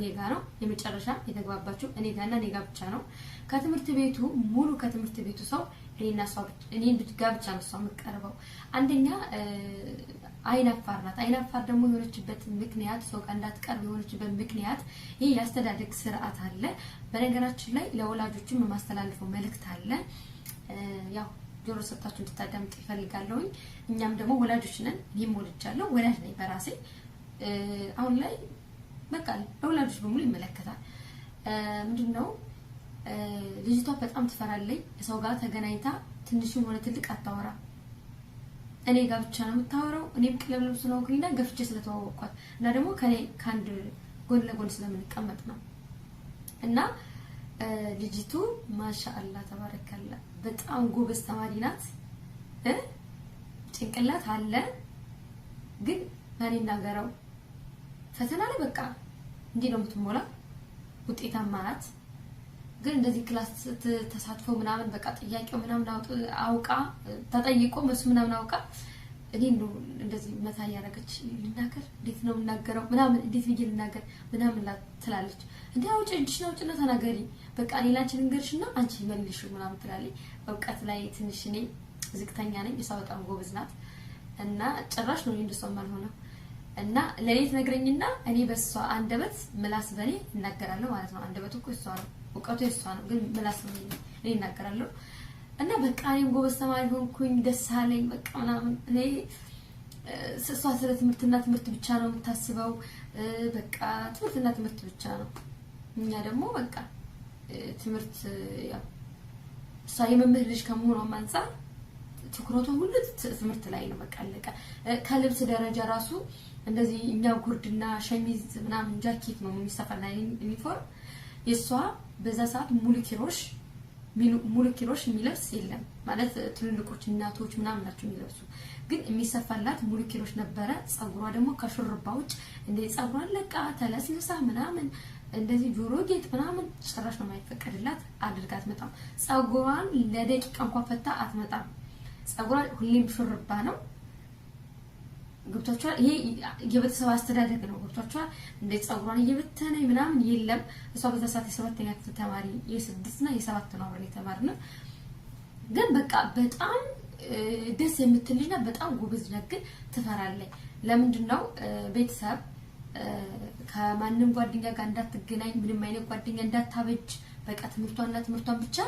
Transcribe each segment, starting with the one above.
እኔ ጋ ነው የመጨረሻ የተግባባችው እኔ ጋና እኔ ጋ ብቻ ነው። ከትምህርት ቤቱ ሙሉ ከትምህርት ቤቱ ሰው እኔና እሷ እኔ ጋ ብቻ ነው እሷ የምቀርበው። አንደኛ አይናፋር ናት። አይናፋር ደግሞ የሆነችበት ምክንያት ሰው ጋር እንዳትቀርብ የሆነችበት ምክንያት ይህ የአስተዳደግ ስርዓት አለ። በነገራችን ላይ ለወላጆችም የማስተላልፈው መልእክት አለ ያው ጆሮ ሰጣችሁ እንድታዳምጥ ይፈልጋለሁኝ። እኛም ደግሞ ወላጆች ነን። ይህም ወልጃለሁ፣ ወላጅ ነኝ በራሴ አሁን ላይ በቃ ለወላጆች በሙሉ ይመለከታል። ምንድን ነው ልጅቷ በጣም ትፈራለች። ሰው ጋር ተገናኝታ ትንሽም ሆነ ትልቅ አታወራ። እኔ ጋር ብቻ ነው የምታወራው። እኔ ቅለብ ልብስ ነው ክሊና ገፍቼ ስለተዋወቅኳት እና ደግሞ ከኔ ከአንድ ጎን ለጎን ስለምንቀመጥ ነው እና ልጅቱ ማሻአላ ተባረካላ በጣም ጎበዝ ተማሪ ናት። ጭንቅላት አለ ግን ማን ይናገረው? ፈተና ላይ በቃ እንዲህ ነው የምትሞላ ውጤታማ ናት። ግን እንደዚህ ክላስ ተሳትፎ ምናምን በቃ ጥያቄው ምናምን አውቃ ተጠይቆ መልሱ ምናምን አውቃ እኔ ነው እንደዚህ መታ እያደረገች ልናገር፣ እንዴት ነው የምናገረው ምናምን እንዴት ብዬ ልናገር ምናምን ትላለች። እንዲ አውጭ እጅሽን አውጭና ተናገሪ በቃ እኔ ላንቺ ልንገርሽና አንቺ መልሽ ምናምን ትላለች። እውቀት ላይ ትንሽ እኔ ዝቅተኛ ነኝ፣ እሷ በጣም ጎበዝ ናት እና ጭራሽ ነው እንደሷም አልሆነም። እና ለኔ ትነግረኝና እኔ በሷ አንደበት ምላስ በኔ እናገራለሁ ማለት ነው። አንደበቱ እኮ እሷ ነው፣ እውቀቱ የሷ ነው፣ ግን ምላስ በኔ እኔ እናገራለሁ። እና በቃ እኔም ጎበዝ ተማሪ ሆንኩኝ፣ ደስ አለኝ። በቃ ምናምን እኔ እሷ ስለ ትምህርትና ትምህርት ብቻ ነው የምታስበው። በቃ ትምህርትና ትምህርት ብቻ ነው። እኛ ደግሞ በቃ ትምህርት ያው እሷ የመምህር ልጅ ከመሆኗም አንፃር ትኩረቷ ሁሉ ትምህርት ላይ ነው። በቃ አለቀ። ከልብስ ደረጃ ራሱ እንደዚህ እኛ ጉርድና ሸሚዝ ምናምን ጃኬት ነው የሚሰፋና ዩኒፎርም የእሷ በዛ ሰዓት ሙሉ ኪሮሽ ሙሉ ኪሮሽ የሚለብስ የለም ማለት ትልልቆች እናቶች ምናምን ናቸው የሚለብሱ። ግን የሚሰፋላት ሙሉ ኪሮሽ ነበረ። ፀጉሯ ደግሞ ከሹርባ ውጭ እንደ ፀጉሯን ለቃ ተለስልሳ ምናምን እንደዚህ ጆሮ ጌጥ ምናምን ጭራሽ ነው የማይፈቀድላት። አድርጋ አትመጣም። ፀጉሯን ለደቂቃ እንኳን ፈታ አትመጣም። ፀጉሯ ሁሌም ሹርባ ነው። ገብቷቸዋል። ይሄ የቤተሰብ አስተዳደግ ነው። ገብቷቸዋል። እንደ ጸጉሯን እየበተነ ምናምን የለም። እሷ በዛ ሰዓት የሰባተኛ ክፍል ተማሪ የስድስትና የሰባት ነው አብረን የተማርነው። ግን በቃ በጣም ደስ የምትልና በጣም ጉብዝ ነግን ግን ትፈራለች። ለምንድን ነው ቤተሰብ ከማንም ጓደኛ ጋር እንዳትገናኝ፣ ምንም አይነት ጓደኛ እንዳታበጅ፣ በቃ ትምህርቷንና ትምህርቷን ብቻ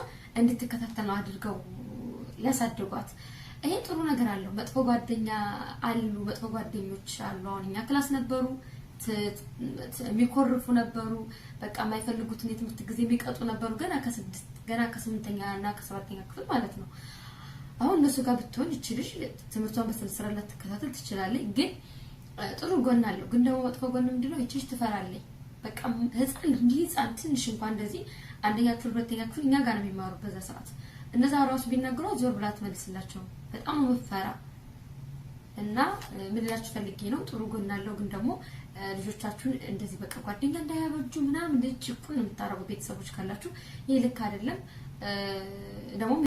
እንድትከታተል ነው አድርገው ያሳደጓት። ይሄ ጥሩ ነገር አለው። መጥፎ ጓደኛ አሉ፣ መጥፎ ጓደኞች አሉ። አሁን እኛ ክላስ ነበሩ፣ የሚኮርፉ ነበሩ፣ በቃ የማይፈልጉትን የትምህርት ጊዜ የሚቀጡ ነበሩ። ገና ከስድስት ገና ከስምንተኛ እና ከሰባተኛ ክፍል ማለት ነው። አሁን እነሱ ጋር ብትሆን ይቺ ልጅ ትምህርቷን በስነስራ ልትከታተል ትችላለች። ግን ጥሩ ጎን አለው። ግን ደግሞ መጥፎ ጎን ነው? ይቺ ልጅ ትፈራለች። በቃ ህፃን ህፃን ትንሽ እንኳን እንደዚህ አንደኛ ክፍል ሁለተኛ ክፍል እኛ ጋር ነው የሚማሩ በዛ ሰዓት እነዛ ራሱ ቢናገሩ ዞር ብላ ትመልስላቸው። በጣም ወፈራ እና ምንላችሁ ፈልጌ ነው ጥሩ ጎን አለው፣ ግን ደግሞ ልጆቻችሁን እንደዚህ በቃ ጓደኛ እንዳያበጁ ምናምን ልጅ የምታረጉ ቤተሰቦች ካላችሁ ይህ ልክ አይደለም ደግሞ